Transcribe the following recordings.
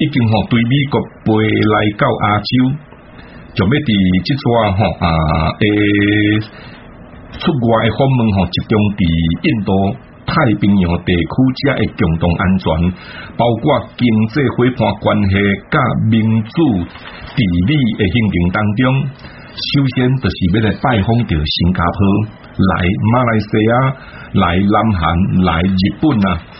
已經學對美國飛來到亞洲，就要啲即座啊！誒、呃，出外訪問嗬，集中喺印度、太平洋地區只嘅共同安全，包括經濟伙伴關係、加民主、地理嘅協定當中，首先就是要嚟拜訪到新加坡、來馬來西亞、來南韓、來日本啊。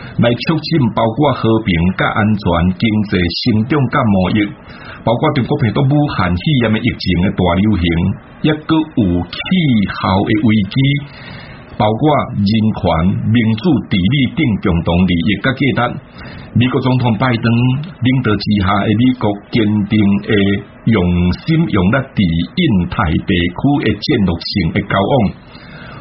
來促進包括和平、加安全、經濟、成長、加貿易，包括中國病毒武漢肺炎疫情嘅大流行，抑擱有氣候嘅危機，包括人權、民主地理、地立等共同利益，甲價值。美國總統拜登領導之下，美國堅定嘅用心，用力地印太地區嘅戰略性嘅交往。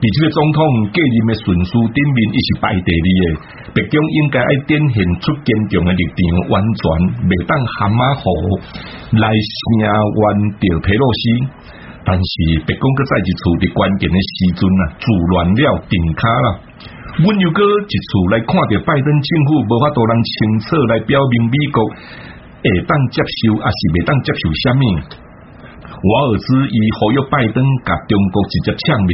別個總統繼任嘅順序頂面，伊是排第二嘅，白宮應該要展現出堅強嘅立場，完全未當喊嘛好來聲援掉佩洛西。但是白宮佢再一次嘅關鍵嘅時陣啊，自亂了陣腳啦。阮又過一次來看着拜登政府無法度人清楚來表明美國，會，當接受還是未當接受？蝦米，瓦爾茲伊呼籲拜登甲中國直接嗆明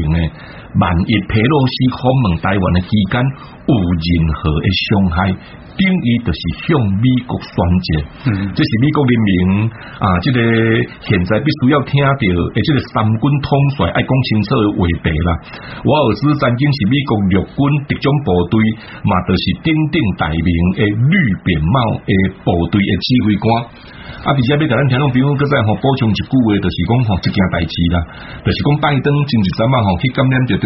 誒。萬一佩洛西訪問台灣的期間有任何的傷害，等於就是向美國宣戰。是這是美國人民啊，即、這個現在必須要聽到，的。即個三軍統帥要講清楚的。話題啦。我兒子曾經是美國陸軍特種部隊，嘛，就是鼎鼎大名的綠扁帽的部隊的指揮官。啊，而且要給咱聽眾朋友閣再補充一句話，就是講吼呢件大事啦，就是講拜登前一陣子，吼去感染着。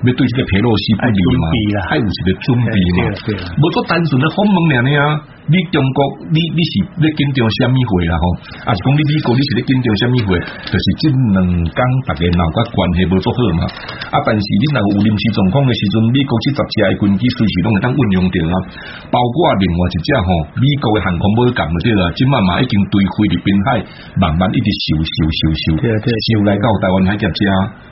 要對這個皮洛西不利嘛？要有一個準備嘛對？冇做單純的鋒芒兩呢你中國，你你是在緊張什麼會啦？嗬，還是講你美國你是在緊張什麼會？就是這兩天大家鬧得關係冇做好嘛？啊，但是你那個臨時狀況嘅時陣，美國啲雜誌係軍機隨時都係當運用到啦、啊。包括另外一隻嗬，美國嘅航空母艦，對啦，即晚晚已經堆開菲律賓海，慢慢一直修修修修修嚟到台灣海峽。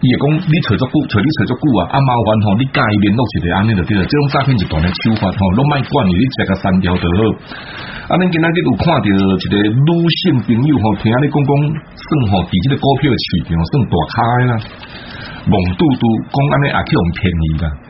伊會講你揣遮久，揣你揣遮久啊，阿茂云嗬，你教伊聯絡一個安尼著對了。即種詐騙集團的手法嗬，攏莫管伊，你直接甲刪掉著好。安、啊、尼今仔日有看着一個女性朋友吼、啊，聽下你講講，算吼，佇即個股票市場，嗬，算大咖誒啦。戇嘟嘟講安尼，也去互騙去啦。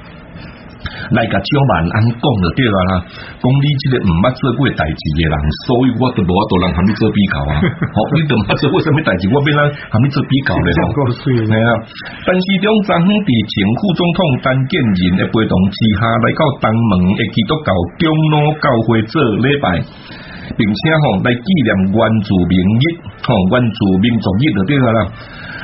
來甲朝萬安講着對啦，講汝即個毋捌做過代志誒人，所以阮著無法度通和汝做比較啊。汝著毋捌做過啥物代志，我通啦，咁做比較嘅。係、 嗯、 啊，但是張張佇前副總統陳建仁誒陪同之下來到東盟誒基督教長老教會做禮拜，拜 Australia，並且吼來紀念原住民意，哦，原住民族日着對啦。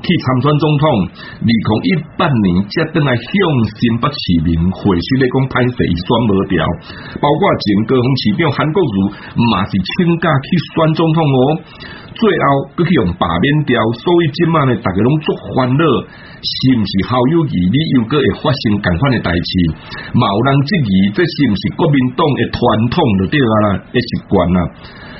去參選總統，二零一八年才倒來向新北市民，回去咧講歹勢伊選無著？包括前高雄市長韓國瑜，嘛是請假去選總統哦。最後佮去用罷免掉，所以今麥咧大家攏足歡樂，是唔是好友誼？你又閣會發生咁款嘅代誌？嘛有人質疑，這是唔是國民黨嘅傳統？就對啊啦，嘅習慣啊。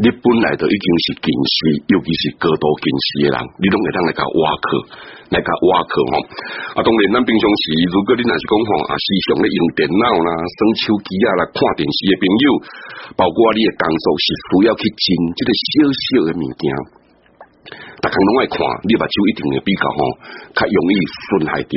你本來都已經是近視，尤其是高度近視的人，你攏會當來個挖客，來個挖客吼。啊，當然咱平常時，如果你若是講吼，啊，時常咧用電腦啦、耍手機啊、啦看電視嘅朋友，包括你嘅工作是需要去見即個小小嘅物件，逐項攏愛看，你目睭，一定會比較吼，較容易損害着。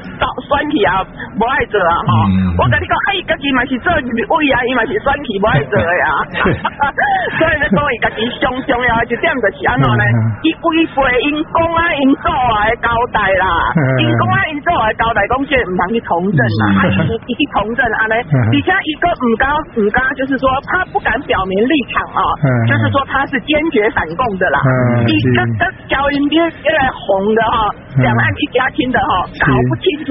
到選啊，無愛做啊，我跟你說哎，家己嘛是做立委啊，你嘛是選去不愛做呀，所以咧，所以家己上重要的一點就是安怎呢，依歸背因講啊，因做啊的交代啦，因講啊，因做啊的交代，講即個唔通去從政呐，還是去去從政安尼？底下一個唔敢唔敢，就是說他不敢表明立場啊，就是說他是堅決反共的啦。一個個交因邊邊來哄的哈，兩岸一家親的哈，搞不清楚。